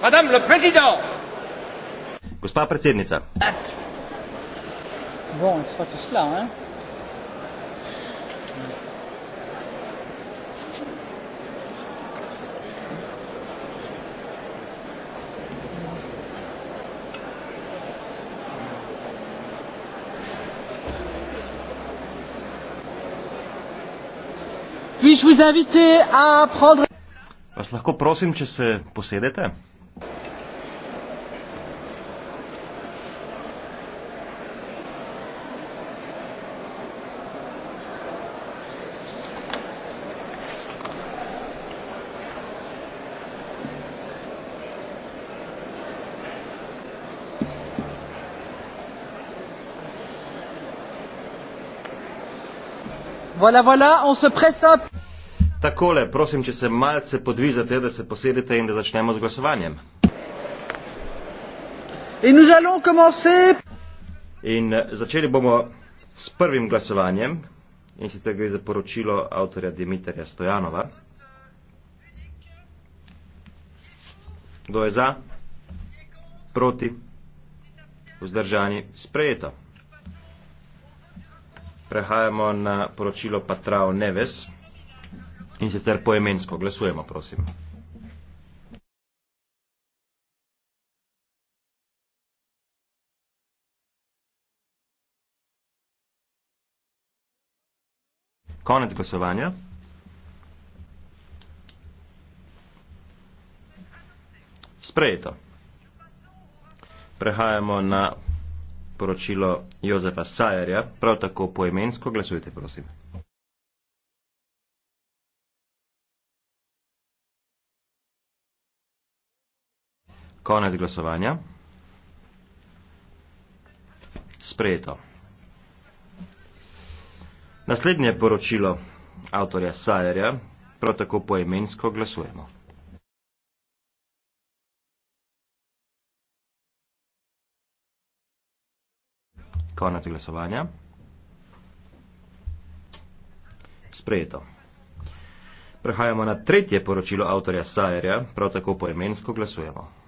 Madame le président. Gospa predsednica. Bon, sva tu šla, hein? Puis-je vous inviter à prendre... Vas lahko prosim, če se posedete? Voilà, voilà, on se presse up. Takole, prosim, če se malce podvizate, da se posedite in da začnemo z glasovanjem. In, nous allons commencer. in eh, začeli bomo s prvim glasovanjem in sicer gre za poročilo avtorja Dimitrija Stojanova. Kdo je za? Proti? Vzdržani? Sprejeto prehajamo na poročilo Patrao Neves in sicer poemensko. Glasujemo, prosim. Konec glasovanja. Sprejeto. Prehajamo na poročilo Jozefa Sajerja, prav tako poemensko glasujte, prosim. Konec glasovanja. Sprejeto. Naslednje poročilo avtorja Sajerja, prav tako poemensko glasujemo. Konec glasovanja. Sprejeto. Prehajamo na tretje poročilo avtorja Sajerja, prav tako poimensko glasujemo.